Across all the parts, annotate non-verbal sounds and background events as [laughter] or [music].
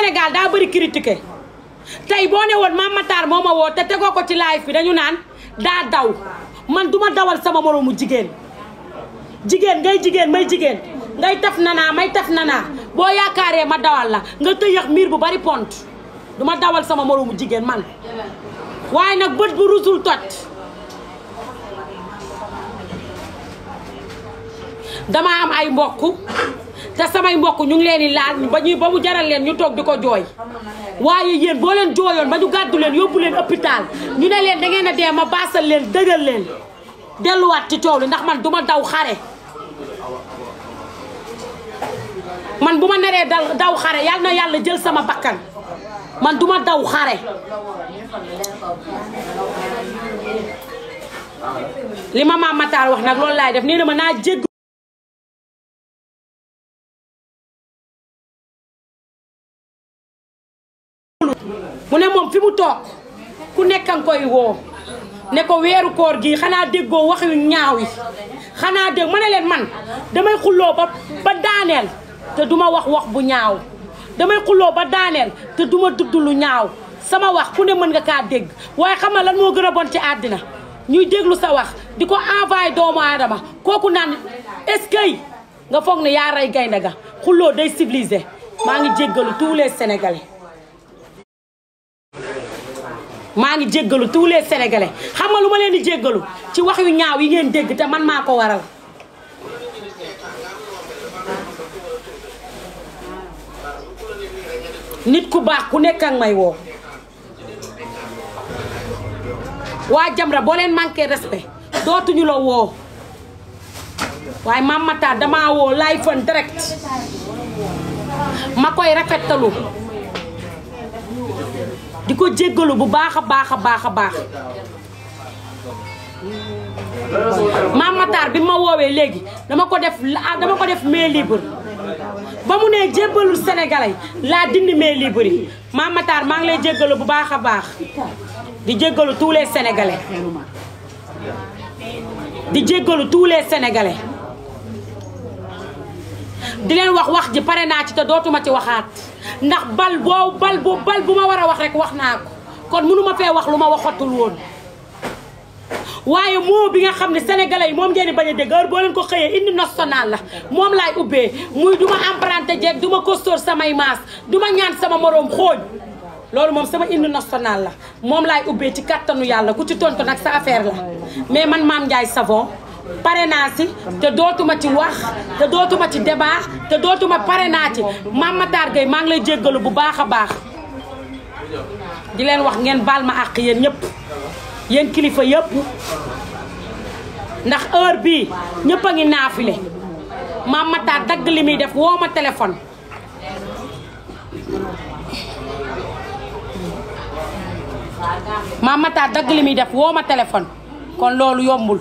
Sénégal daa bëri critiqué tey boo ne woon Mame Matar moo ma woo te tegoo ko ci live bi dañu naan daa daw man duma dawal sama moroomu jigéen jigéen ngay jigéen may jigéen ngay taf nanaa may taf nanaa boo yaakaaree ma dawal la nga tëyax miir bu bari pont duma dawal sama moroomu jigéen man waaye nag bët bu rusul tot dama am ay mbokk te samay mbokk ñu leen di laal ba ñu ba mu jaral leen ñu toog di ko jooy waaye yéen boo leen jooyoon ba ñu gàddu leen yóbbu leen hôpital ñu ne leen da ngeen a dee ma baasal leen dëgal leen delluwaat ci coow li ndax man duma daw xare man bu ma naree dal daw xare yàlla jël sama bakkan man duma daw xare li ma maam Matar wax nag loolu laay def nee na ma naa jégg mu toog ku nekk nga koy woo ne ko weeru koor gi xanaa déggoo wax yu ñaaw yi xanaa dégg ma ne leen man damay xulloo ba ba daaneel te duma wax wax bu ñaaw damay ba daaneel te duma dudd lu ñaaw sama wax ku ne mën nga kaa dégg waaye xam ma lan moo gën a bon ci àddina ñuy déglu sa wax di ko envoyé doomu aadama kooku naan est-ce que nga foog ne yaa rey gaynde ga xulloo day civilisé maa ngi jéggalu tous les sénégalais maa ngi jéggalu tous les sénégalais xam nga lu ma leen di jéggalu ci wax yu ñaaw yi ngeen dégg te man maa ko waral. nit ku baax ku nekk may woo waa Jamra boo leen manqué respect dootuñu la woo waaye Mame Matar damaa woo live en direct ma koy rafetalu. di ko jéggalu bu baax a baax a baax a baax maam bi ma woowee léegi dama ko def ah, dama ko def main libre ba mu nee jébbalul sénégalais laa dindi main libre yi maam Matar maa ngi lay jéggalu bu baax a baax di jéggalu tous les sénégalais di jéggalu tous les di leen wax wax ji pare naa ci te dootuma ci waxaat ndax bal boo bal bu bal bu ma war a wax rek wax naa ko kon mënu ma fee wax lu ma waxatul woon waaye moo bi nga xam ne sénégalais yi moom njeeni di bañ a dégg heure boo leen ko xëyee indi national la moom laay ubbee muy duma emprunté jeeg duma costoor samay maas duma ñaan sama moroom xooñ loolu moom sama hymne national la moom laay ubbee ci kàttanu yàlla ku ci tontu nag sa affaire la mais man Mame Ndiaye Savon pare naa si te dootuma ci wax te dootuma ci débat te dootuma pare naa ci Mame Matar Gueye maa ngi lay jéggalu bu baax a baax di leen wax ngeen baal ma àq yéen ñëpp yéen kilifa yépp ndax heure bii ñëpp a ngi naafile Mame Matar dagg li muy def woo ma téléphone Mame Matar dagg li muy def woo ma téléphone kon loolu yombul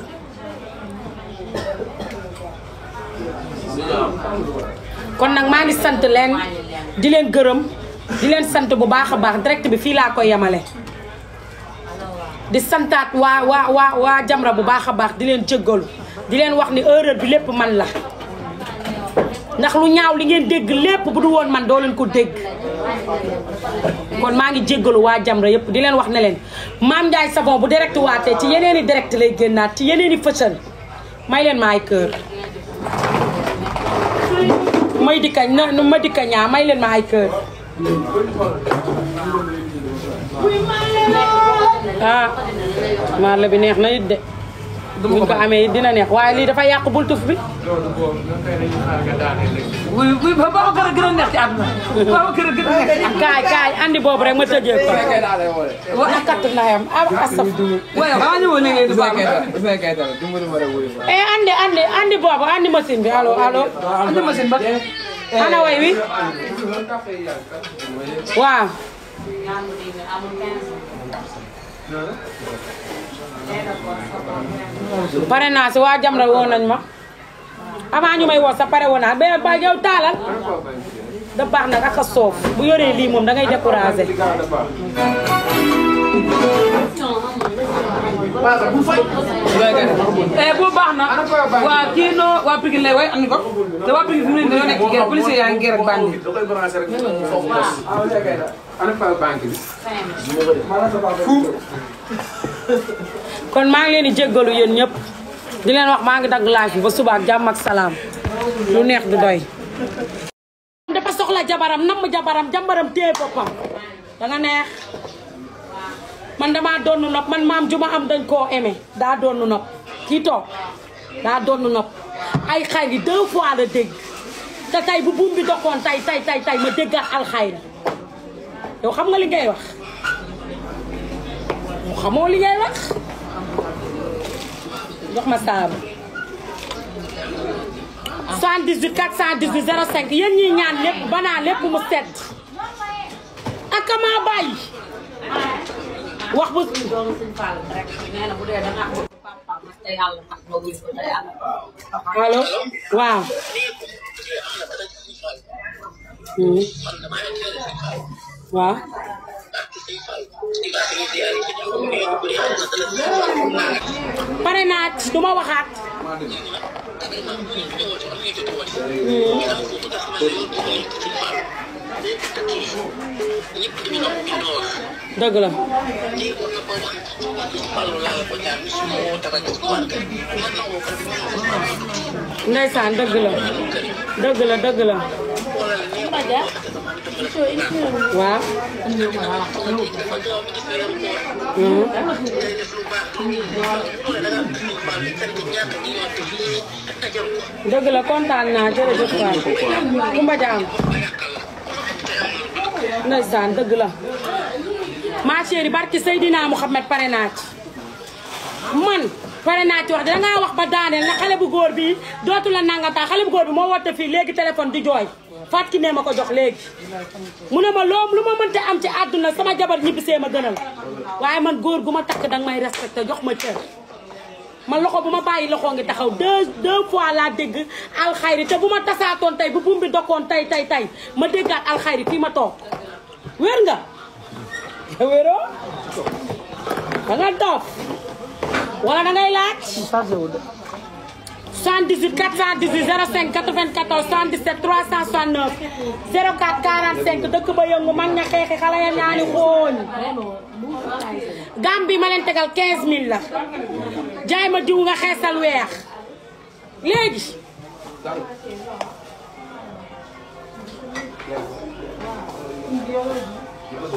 kon nag maa ngi sant leen di leen gërëm di leen sant bu baax a baax direct bi fii laa ko yemale di santaat waa waa waa waa Jamra bu baax a baax di leen jéggalu di leen wax ni erreur bi lépp man la ndax lu ñaaw li ngeen dégg lépp bu du woon man doo leen ko dégg kon maa ngi jéggalu waa Jamra yëpp di leen wax ne leen Mame Ndiaye sabon bu direct waatee ci yeneeni direct lay génnaat ci yeneeni fësal may leen maay kër may dikka na ma dikka ñaa ah, may leen ma ay kër ah maalo bi neex na it de buñ ko amee it dina neex waaye lii dafa yàq bultuf bi wuy wuy ba ba kër gën a neex ci àdduna ba ba kër gën a neex kaay kaay andi boobu rek ma tëjee ko wa kat na yam ab ah, asaf ah, way ba ñu wone ngeen ba kay eh, andi andi andi boobu andi machine bi allo allo andi machine ba Eh, ana way wi waaw pare naa si waa jam woo nañ ma avant ñu may woo sa pare woo naa ba ba yow taalal da baax nag ak soof bu yoree lii moom da ngay découragé waaw bu fay. Eh, bu baax na waa kii noo waa Pikine lay way am ko nekk ci guerre policier yaa ngi bandi. Ah, kon maa ngi leen di jéggalu yéen ñëpp di leen wax maa ngi dagg laaj bi ba suba ak jàmm salaam lu neex du doy. dafa soxla jabaram namm jabaram jabaram téye boppam da neex. man damaa doon nopp man maam juma am dañ koo aimé daa doon nopp kii toog daa doon nopp ay xayri deux fois la dégg te tey bu buum bi dokkoon tey tey ma déggaat alxayri yow xam nga li ngay wax mu xamoo li ngay wax jox ma saabu 118 418 05 yéen ñi ñaan lépp banaa lépp mu set ak ma bàyyi wax bu doon suñ Fall rek nee na bu dee ma te yàlla tax nga dëgg la. ndeysaan dëgg la dëgg la dëgg la. waaw. dëgg la kontaan naa jërëjëf waay Kumba Jaam ndeysaan dëgg la ma chérie barki Seydina Mouhamed pare naa ci man pare naa ci wax da ngaa wax ba daaneel na xale bu góor bi dootu la nangataa xale bu góor bi moo woote fii léegi téléphone di jooy Fatou nee ma ko jox léegi mu ne ma loo lu ma mënta am ci àdduna sama jabar ñibbisee ma gënal waaye man góor gu ma takk danga may respecté jox ma cër man loxo bu ma bàyyi loxo ngi taxaw deux deux fois laa dégg alxayri te bu ma tasaatoon tey bu buum bi tey tey tey ma déggaat alxayri fii ma toog wér nga wéroo da nga dof wala da ngay laaj 78 418 05 94 77 369 04 45 dëkk ba yëngu mag ña xeexi xale ya ñaani xooñ gam bi ma leen tegal la jaay ma diw nga xeesal weex léegi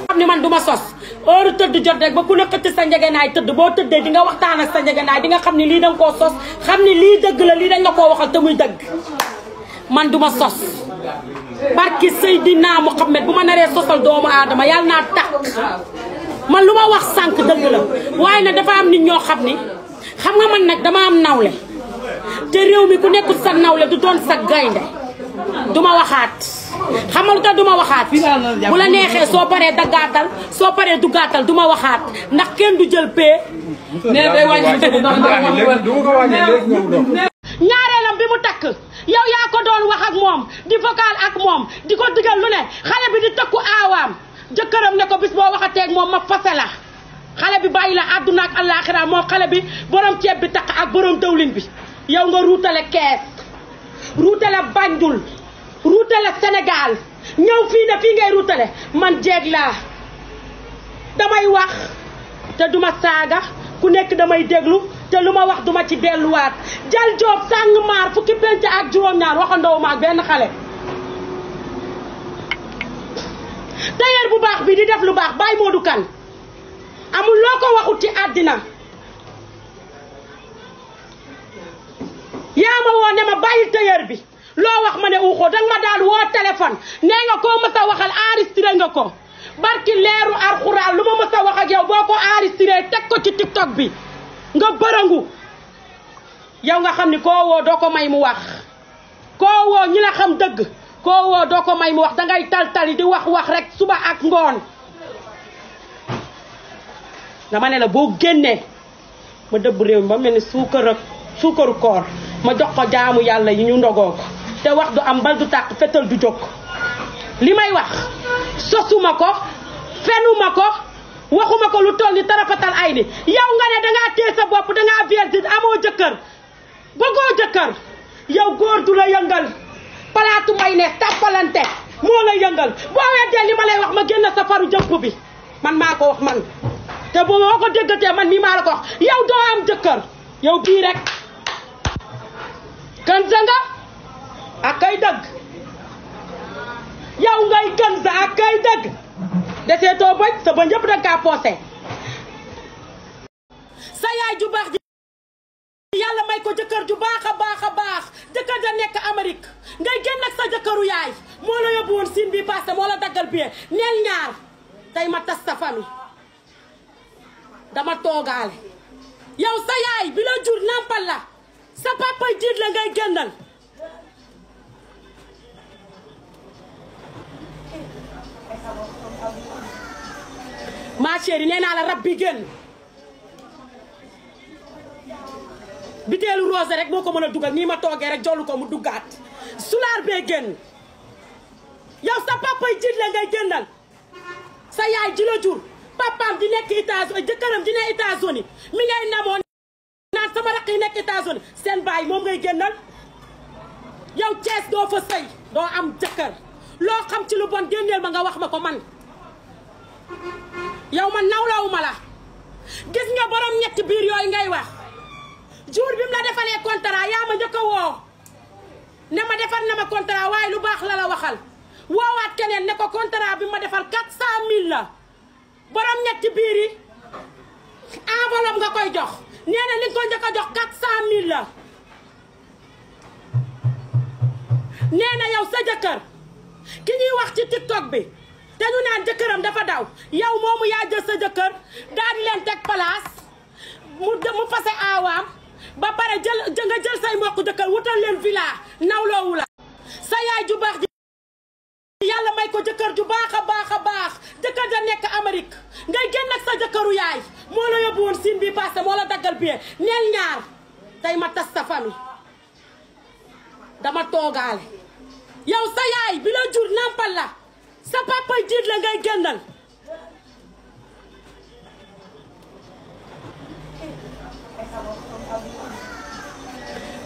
xam ni man du sos heure tëdd jot rek ba ku ne sa njëgënaay tëdd boo tëddee di nga waxtaan ak sa njëgënaay di nga xam ni lii danga koo sos xam ni lii dëgg la lii dañ la koo waxal te muy dëgg man du ma sos barki Seydina Muhammad bu ma naree sosal doomu aadama yàlla naa tàq man lu ma wax sànq dëgg la waaye nag dafa am nit ñoo xam ni xam nga man nag dama am nawle te réew mi ku nekkul sa nawle du doon sa gaynde duma waxaat xamal tax duma waxaat bu la neexee soo paree daggaatal soo paree du duggaatal duma waxaat ndax kenn du jël pee ñaareelam bi mu takk yow yaa ko doon wax ak moom di vocal ak moom di ko digal lu ne xale bi di tëkku aawaam jëkkëram ne ko bis boo waxateeg moom ma fase la xale bi bàyyi la àdduna ak àllaaxira moom xale bi borom ceeb bi takk ak borom dawlin bi yow nga ruutale kees ruutale Banjul ruutale Sénégal ñëw fii ne fii ngay ruutale man jeeg laa damay wax te duma saaga ku nekk damay déglu te lu ma wax duma ci delluwaat jal joob sàng maar fukki penc ak juróom-ñaar waxandoo ak benn xale tailleur bu baax bi di def lu baax bàyyi Modou Kane amul loo ko waxut ci àddina yaa ma woo ne ma bàyyi tailleur bi loo wax ma ne uuxoo danga ma daal woo téléphone nee nga koo mës waxal enregistré nga ko barki leeru alxuraan lu ma mës a wax ak yow boo ko enregistré teg ko ci tiktok bi nga bërëngu yow nga xam ni koo woo doo ko may mu wax koo woo ñi la xam dëgg koo woo doo ko may mu wax dangay taltali di wax wax rek suba ak ngoon dama ne la boo génnee ma dëbb réew mi ba mel ni suukar ak suukaru koor ma jox ko jaamu yàlla yi ñu ndogoo ko te wax du am bal du tàq fetal du jóg li may wax sosuma ko fenuma ko waxuma ko lu toll ni tarafatal ay ni yow nga ne dangaa téye sa bopp dangaa vierge amoo jëkkër bëggoo jëkkër yow góor du la yëngal palaatu may ne tàppalante moo la yëngal boo weddee li ma lay wax ma génn sa faru jëpp bi man maa ko wax man te boo ko déggatee man mii maa la ko wax yow doo am jëkkër yow bii rek kansa nga ak kay dagg ngay kansa ak kay deseetoo baj sa ba ñëpp danga kaa poose sa yaay ju baax ji yàlla may ko jëkkër ju baax a baax a baax jëkkër ja nekk Amérique ngay génn ak sa jëkkëru yaay moo la yóbbu woon siin bi passé moo la daggal bi neel ñaar tey ma tas sa famille dama toogaale yow sa yaay bi la jur nampal la sa papa jiit la ngay génnal ma chérie nee naa la rab bi génn biteelu rose rek moo ko mën a dugal nii ma toogee rek jollu ko mu duggaat sulaar bee génn yow sa papa jiit la i génnal sa yaay ji la jur papaam di nekk États-Unis jëkkëram di ne États-Unis mi ngay namoon rakk yi nekk États-Unis seen baay moom ngay génnal yaw Thiès doo fa sëy doo am jëkkër loo xam ci lu bon génneel ma nga wax ma ko man yow man nawlawu ma la gis nga borom ñetti biir yooyu ngay wax jour bi mu la defalee contrat yaa ma njëkk a woo ne ma defar na ma contrat waaye lu baax la a waxal woowaat keneen ne ko contrat bi ma defal 400000 la borom ñetti biir yi nga koy jox. nee na li ko njëkk a jox quatre cent la nee na sa jëkkër ki ñuy wax ci tiktok bi te ñu naan jëkkëram dafa daw yow moomu yaa jël sa jëkkër daan leen teg place mu fase aawaam ba pare jël nga jël say mbokk jëkkër wutal leen villa nawloowu sa yaay ju ji may ko jëkkër ju baax a baax a baax jëkkër ja nekk Amérique ngay génn ak sa jëkkëru yaay moo la yóbbu woon siin bii passé moo la daggal bie neel ñaar tey ma tas sa famille dama toogaale yow sa yaay bi la jur nampal la sa papa jiit la ngay génnal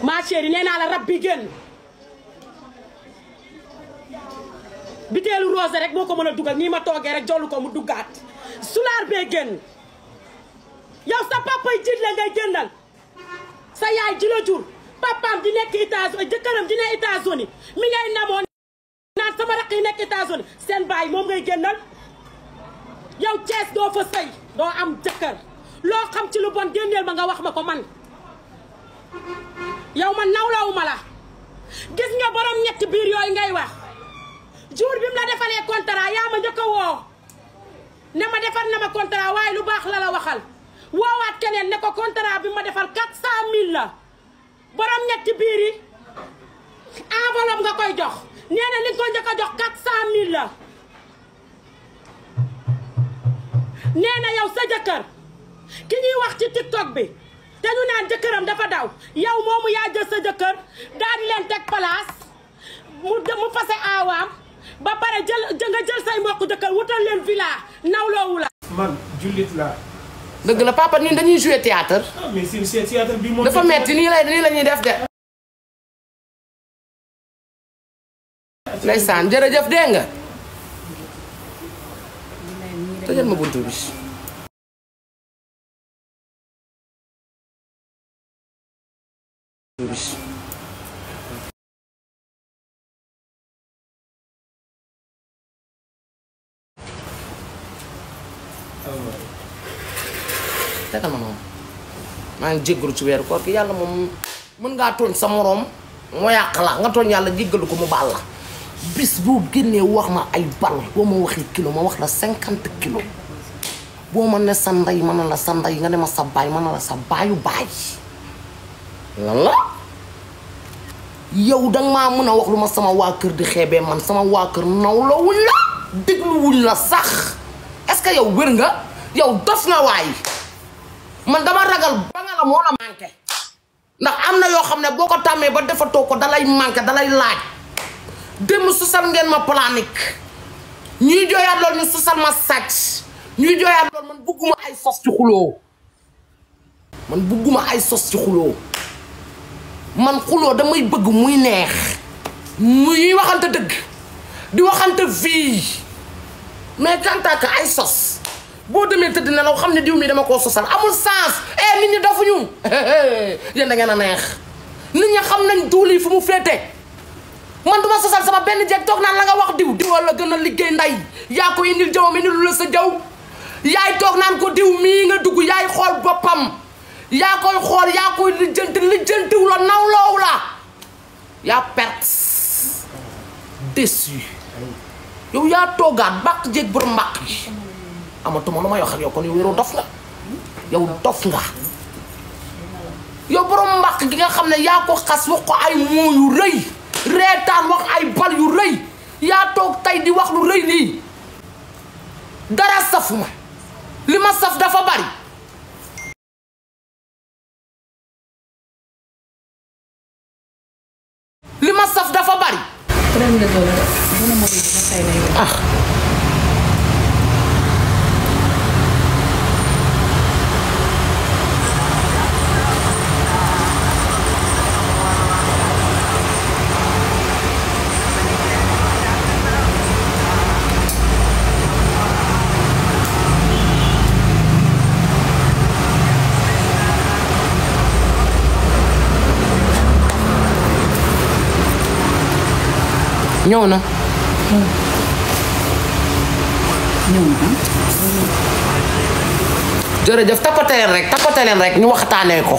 ma chérie nee naa la rab bi génn biteelu rosé rek moo ko mën a dugal nii ma toogee rek jollu ko mu duggaat sulaar bee génn yow sa papa yi jiit la ngay génnal sa yaay ji jur papaam di nekk états jëkkëram di nekk États-Unis mi ngay namoon naan sama rakk yi nekk États-Unis seen baay moom ngay génnal yow Cees doo fa sëy doo am jëkkër loo xam ci lu bon génneel ma nga wax ma ko man yow man nawlawu ma la gis nga borom ñetti biir yooyu ngay wax jour bi mu la defalee contrat yaa ma njëkk a woo ne ma defal na ma contrat waaye lu baax la la waxal woowaat keneen ne ko contrat bi ma defal 400000 la borom ñetti biir yi enveloppe nga koy jox nee na li ko njëkk a jox 400000 la nee na yow sa jëkkër ki ñuy wax ci tiktok bi te ñu naan jëkkëram dafa daw yow moomu yaa jël sa jëkkër daal leen teg place mu fase aawaam ba pare jël nga jël say mbokk jëkkër wutal leen villa nawloowu la. dëgg la papa nii dañuy jouer théâtre. ah mais si dafa metti nii lay nii la def de. ndeysaan jërëjëf de nga. tëjal ma buntu bi. maa ngi jéggalu ci weeru koor gi yàlla moom mën ngaa tooñ sa moroom moo yàq la nga tooñ yàlla jéggalu ko mu baal la bis boo génnee wax ma ay bal boo ma waxi kilo ma wax la cinquante kilo boo ma ne sa ndey ma ne la sa ndey nga ne ma sa baay ma ne la sa baayu baay lan la yow danga ma mën a wax lu ma sama waa kër di xeebee man sama waa kër naw la wuñ la dégluwuñ la sax est-ce que yow wér nga yow na waay man dama ragal teraanga moo la manqué ndax am na yoo xam ne boo ko tàmmee ba toog ko dalay manqué dalay laaj démb susal ngeen ma planique ñuy jooyaat loolu ñu susal ma sàcc ñuy jooyaat loolu man bugguma ay sos ci xuloo man ay sos ci xuloo man xuloo damay bëgg muy neex muy waxante dëgg di waxante fii mais quant ay sos boo demee tëdd nelaw xam ne diw mi dama koo sosal amul sens eh nit ñi dafuñu [laughs] yéen da ngeen a neex nit ñi xam nañ duul yi fu mu féete man du sosal sama benn jeeg toog naan la nga wax diw diwal la gën a liggéey nday yaa ko indil jawam indil la sa jaw yaay toog naan ko diw mii nga dugg yaay xool boppam yaa koy xool yaa koy lijjanti lijjantiw la nawloow la yaa perte déçu yow yaa toogaat mbàq jeeg borom mbàq yi amatuma lu may kon yow wéeru dof nga yow dof nga yow borom mbàq gi nga xam ne yaa ko xas wax ko ay moo yu rëy reetaan wax ay bal yu rëy yaa toog tey di wax lu rëy lii dara safuma li ma saf dafa bari li saf dafa bari ñëw na. ñëw na jërëjëf tappate rek tappate leen rek ñu waxtaanee ko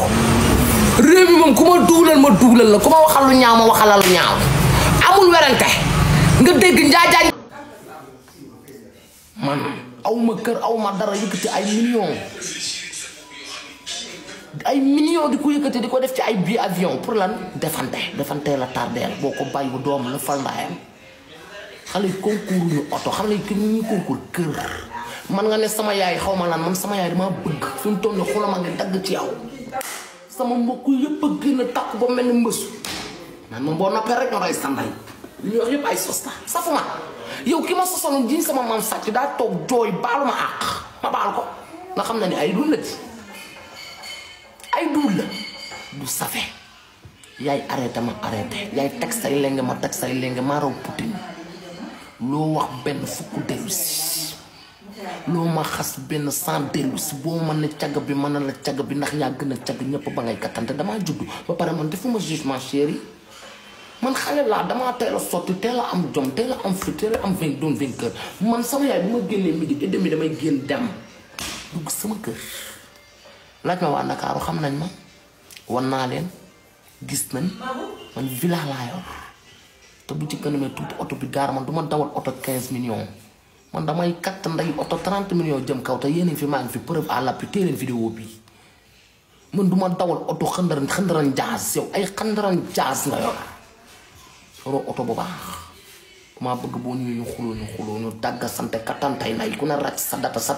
réew mi moom ku ma dugalal ma dugalal la ku ma waxal lu ñaaw ma waxalal lu ñaaw amul werante nga dégg njaajaan man awma kër awma dara yëkkati ay millions ay millions di ko yëkkati di ko def ci ay bi avion pour lan defante defante la tardeel boo ko bàyyi bu doom la fal ndaayam xale yi concours ñu oto xale nga ne sama yaay xaw ma lan man sama yaay dama bëgg fi mu nii ci yow sama mbokk yëpp a takk ba mel ni mbësu man moom boo noppee rek nga doy sànday li yow ki ma sosaloon sama maam sàcc daa toog jooy baalu ma ma baal ko nga xam na ay dund la ay duul la du safe yaay arrêté ma arrêté yaay teg say lenge ma teg say lenge maa raw Poutine loo wax benn fukk dellu loo ma xas benn sans dellu si boo mën ne cagg bi mën na la cagg bi ndax yaa gën a cagg ñëpp ba ngay kattante damaa judd ba pare man defuma jugement chéri man xale laa damaa teel a sotti teel a am jom teel a am fit teel a am vingt doon vingt kër man sama yaay bu ma génnee midi et demi damay génn dem dugg sama kër. laaj ma waa Ndakaaru xam nañ ma wan naa leen gis nañ man villa laa yor te bu ci kanamee tuuti oto bi gaar man du dawal oto quinze millions man damay katt nday oto trent millions jëm kaw te yéen fi maa ngi fi preuve à l'appui téye leen vidéo bi man du dawal oto xandaran xandaran jaas yow ay xandaran jaas nga yor yoroo oto bu baax. maa bëgg boo ñëwee ñu xuloo ñu xuloo katantay nay ku ne raj sa data sa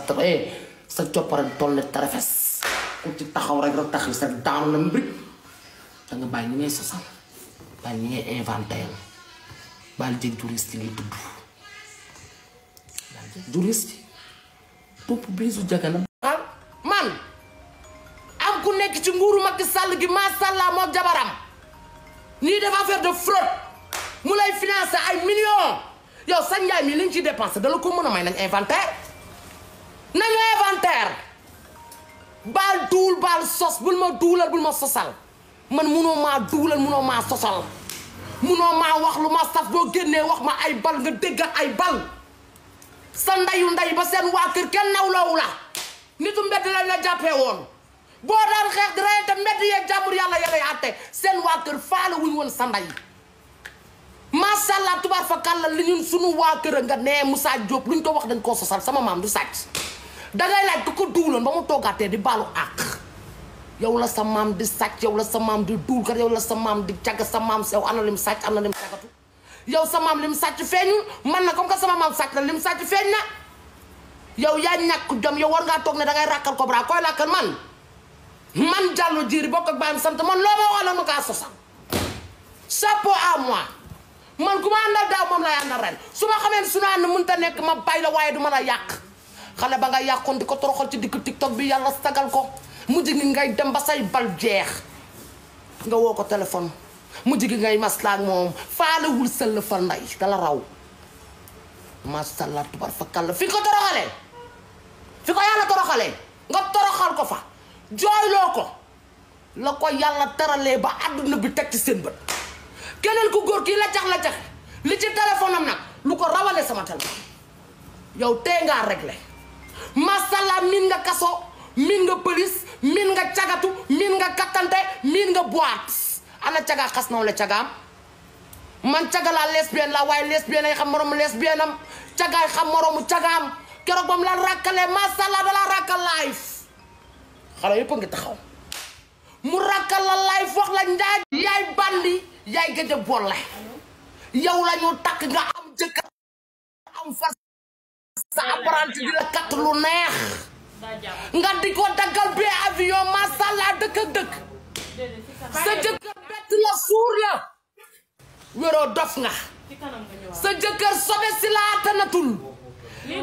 sa ku ci taxaw rek rek taxaw sax daanu na mbir da bàyyi ñu ngay sosal bàyyi ñu ngi inventé baal jëg juriste yi ngay tudd baal jëg biisu jaga na man am ku nekk ci nguuru mag sàll gi maa sàllaa moom jabaram nii dafa affaire de fraude mu lay financé ay millions yow sa njaay mi li ñu ciy dépensé dala ko mën a may nañ inventaire nañu inventaire baal duul baal sos bul ma duulal bul ma sosal man munoo maa duulal munoo maa sosal munoo maa wax lu ma saf boo génnee wax ma ay bal nga dégg ay bal sa ndeyu ndey ba seen waa kër kenn nawloowu la nitu mbedd lañ la jàppee woon boo daan xeex di reyante mbedd yee jàmbur yàlla yàlla ya seen waa kër faale wuñ woon sa ndey macha allah tubaar fa kàlla li ñun sunu waa kër a nga nee Moussa lu luñ ko wax dañ koo sosal sama maam du sàcc dangay laaj ku ko duuloon ba mu toogaatee di baalu àq yow la sa maam di sàcc yow la sa maam di duul kat yow la sa maam di cagg sa maam yow ana lim sàcc am na lim càggatu yow sa maam lim sàcc feeñul man na comme que sama maam sàcc na lim sàcc feeñ na yow yaa ñàkk jom yow war ngaa toog ne dangay ràkkal Cobra koy làkkal man man Diallo Diéry bokk ak sant man loo ma wax la nu kaa à moi man ku ma àndal daaw moom lay àndal ren su ma xamee su ma ànd mënta nekk ma bay la waaye du ma la yàq xale ba nga yàqoon di ko toroxal ci digg tiktok bi yàlla sagal ko mujj gi ngay dem ba say bal jeex nga woo ko téléphone mujj gi ngay maslaak moom faalewul sëll fa nday dala raw masalla tubar fa kàll fi nga ko fi ko yàlla toroxalee nga toroxal ko fa jooyloo ko la ko yàlla taralee ba àdduna bi teg ci seen bët keneen ku góor kii la cax la cax li ci téléphone nag lu ko rawale sama téléphone yow tee ngaa réglé masala miin nga kaso miin nga pëlis miin nga cagatu miin nga kattante miin nga boîte ana cagaa xas naw la cagaam man caga laa lesbienne la waaye lesbienne ay xam moroomu lesbienne am cagaay xam moroomu cagaam keroog bam la ràkkalee masala da la ràkkal xale yëpp ngi taxaw mu ràkkal la live wax la njaay yaay bandi yaay gëj boole yow la takk nga am jëkkër sa apprenti di la kat lu neex nga di ko daggal bee avion masala dëkk ak dëkk sa jëkkër bett la suur la wéroo dof nga sa jëkkër sobe si laa tanatul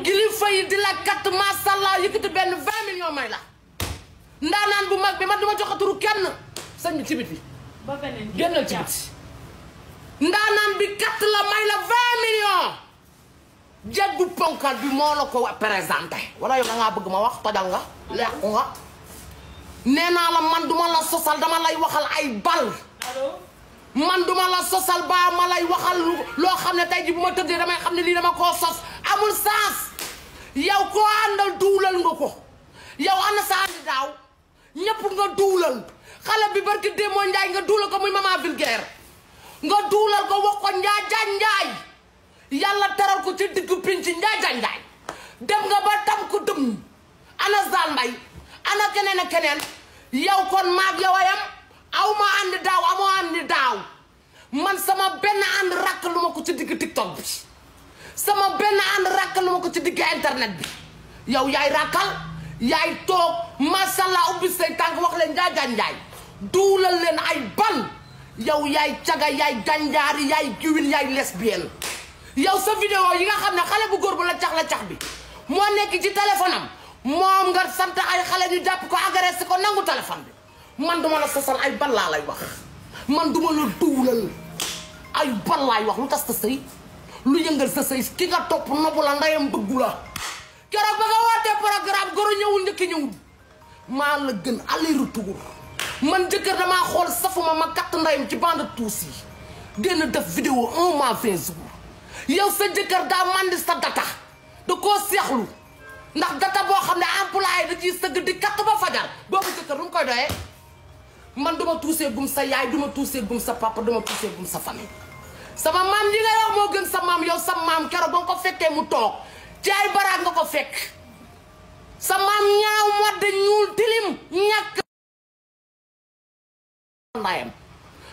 kilifa yi di la kat masala yëkkati benn vingt may la ndaanaan bu mag bi man duma joxaturu kenn sëñ bi kat la may la vingt jaddu ponkal bi moo la ko présenté wala yow da ngaa bëgg ma wax tojal lekku nga nee naa la man duma la sosal dama lay waxal ay bal man duma la sosal ba ma lay waxal loo xam ne tey ji bu ma tëddee damay xam ne lii dama koo sos amul saas yow koo àndal duulal nga ko yow ana sa àndi daaw ñépp nga duulal xale bi barki démb Njaay nga duulal ko muy maman vulgaire nga duulal ko wax ko njaay yàlla teral ko ci diggu pinc njaajaay njaay dem nga ba tam ko dëmm ana Zal Mbay ana keneen ak keneen yow kon maag yow ayam aw ma ànd daaw amoo ànd daaw man sama benn ànd rakk lu ma ko ci digg tiktok bi sama benn ànd rakk lu ma ko ci digg internet bi yow yaay rakkal yaay toog macha allah ubbi say tànk wax leen njaajaay njaay duulal leen ay bal yow yaay caga yaay ganjaari yaay giwin yaay lesbienne yow sa vidéo yi nga xam ne xale bu góor bu la cax la cax bi moo nekk ci téléphone am moom nga sant ay xale ñu jàpp ko agressé ko nangu téléphone bi man duma la sasal ay ballaa lay wax man duma la duwlal ay ballaay wax lu tas sa sëy lu yëngal sa sëy ki nga topp nobu la ndeyam bëggu la keroog ba nga wootee programme goro ñëwul njëkki ñëwul maa la gën aller retour man jëkkër damaa xool safuma ma katt ndeyam ci bande tuus yi génn def vidéo un mois vingt jours yow sa jëkkër daa mandi sa data da koo seexlu ndax data boo xam ne employé da ciy sëgg di katt ba fajar ko jëkkër lu mu koy doyee man duma tuusee gum sa yaay duma tuusee gum sa papa duma tuusee gum sa famille sama maam yi ngay wax moo gën sa maam yow sa maam keroog ba nga ko mu toog ci ay baraag ko fekk sa maam ñaaw modd ñuul tilim ñàkk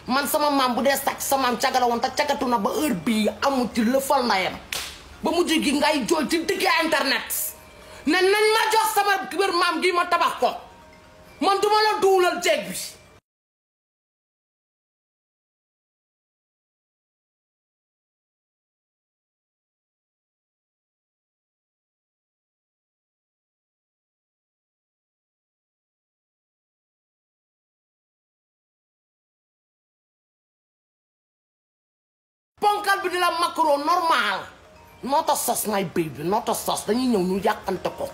man sama maam bu dee sàcc sama maam cagala woon te na ba heure bii amul ci lëfal ndayam ba mujj gi ngay jooy ci digg internet ne nañ ma jox sama kër maam gi ma tabax ko man duma la duulal jeeg bi ponkal bi di la macro normal not a sos my baby not a sos dañuy ñëw ñu yàqante ko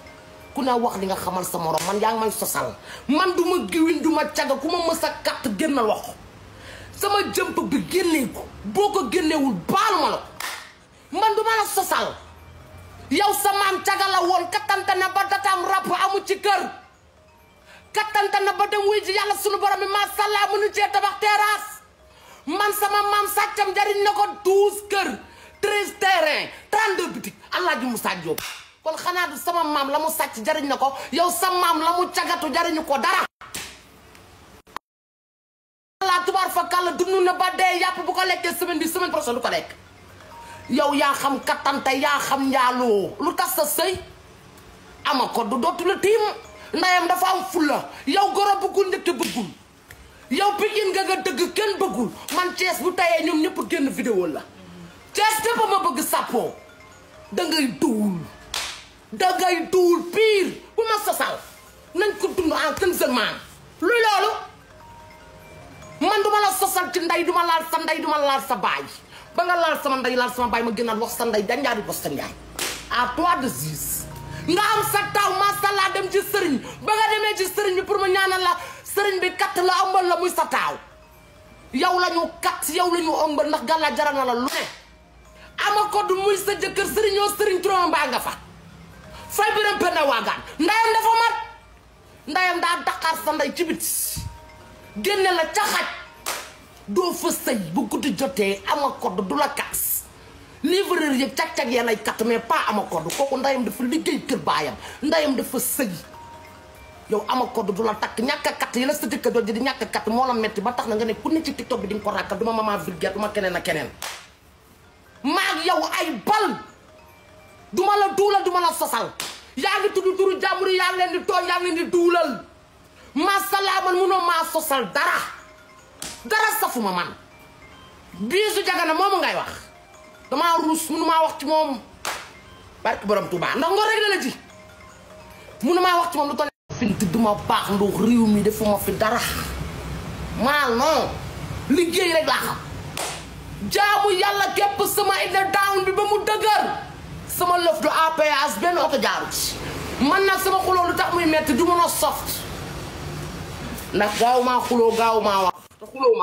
ku ne wax li nga xamal sama morom man yaa ngi may sosal man du ma giwin du ma caga ku ma mës a kàtt génnal wax sama jëmp bi génnee ko boo ko génneewul baal ma la ko man du ma la sosal yow sa maam caga la woon kattante na ba dataam ràpp amu ci kër kattante na ba dem wuy ji yàlla sunu borom bi maa sàllaa mënu cee tabax terrasse man sama maam sàccam jariñ na ko douze kër treize terrain trente deux boutique Alaaji Moussa Diop kon xanaa du sama maam la mu sàcc jariñ na ko yow sa maam la mu cagatu jariñu ko dara la tubaar fa kàll dund na ba yàpp bu ko lekkee semaine bi semaine prochaine du ko lekk yow yaa xam kattante yaa xam njaaloo lu tas sa sëy ama ko du dootu la tiim ndeyam dafa am fulla yow goro bëggul njëkk bëggul yow Pikine nga nga dëgg kenn bëggul man cees bu tayee ñoom ñëpp génn vidéo la Thiès dëppa ma bëgg sàppoo da ngay duwul da ngay duwul pire bu ma sasal a ko dund en consentement luy loolu man duma la sasal ci ndey duma laal sa ndey duma laal sa baay ba nga laal sama ndey laal sama baay ma gënaat wax sa ndey danjaari bos sa njaay à toi de juge nga am sa taw masalla dem ci sëriñ ba nga demee ci sëriñ bi pour ma ñaanal la sëriñ bi katt la ëmbal la muy sa taaw yow la ñu katt yow la ñu ëmbal ndax gàlla jarana la lu ne ama kodd muy sa jëkkër sëriñoo sëriñ turam mbaa nga fa fay biram penda waagaan ndayam dafa mat ndayam daa daqaar sa nday ci bit génne la ca xaj doo fa sëy bu guddi jotee ama kodd du la kaas livreur yëpp cag-cag yeenay katt mais pas ama kodd kooku ndayam dafa liggéey kër baayam ndayam dafa sëy yow ama kodd du la takk ñàkk a katt yi la sa jëkka doon ji di ñàkk a katt moo la metti ba tax na nga ne ku ne ci tiktok bi di nga ko ràkkal du ma maman vulgaire du ma keneen ak keneen maag yow bal du ma du ma la sosal yaa ngi tudd turu di tooñ yaa duulal masala man munoo maa sosal dara dara safuma man Bijou Diagana moomu ngay wax damaa ruus munu maa wax ci moom barke borom Touba ndax ngor rek la ji munu maa wax ci moom lu toll ma baax ndox réew mi defuma fi dara maa non liggéey rek laa xam jaamu yàlla képp sama inde down bi ba mu dëgër sama lëf du APS benn oto jaaru ci man nag sama xuloo lu a soft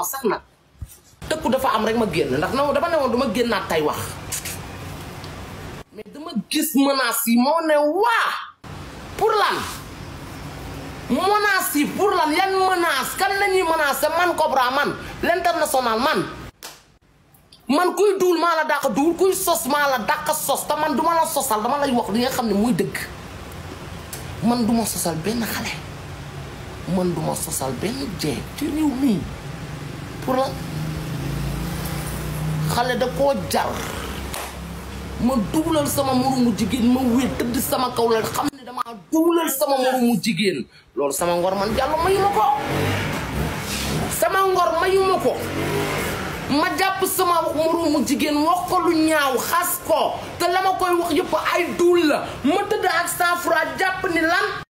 sax nag tëkku dafa am rek ma génn ndax na dama ne woon du génnaat tey wax mais dama gis menaces yi moo ne waa pour lan menaces yi pour la yan menace kan la ñuy menacer man Cobra man l'international man man kuy duul maa la dàq duul kuy sos maa la dàq sos te man duma la sosal li nga xam ne muy dëgg duma sosal benn xale man duma sosal benn jeeg ci réew mii pour la xale da koo jar ma duulal sama moromu jigéen ma wér tëdd sama kaw la xam duwlal sama moromu jigéen loolu sama ngor man jàllo mayu ma ko sama ngor mayu ma ko ma jàpp sama moromu jigéen wax ko lu ñaaw xas ko te la ma koy wax yëpp ay duul la ma tëdd ak saafara jàpp ni lan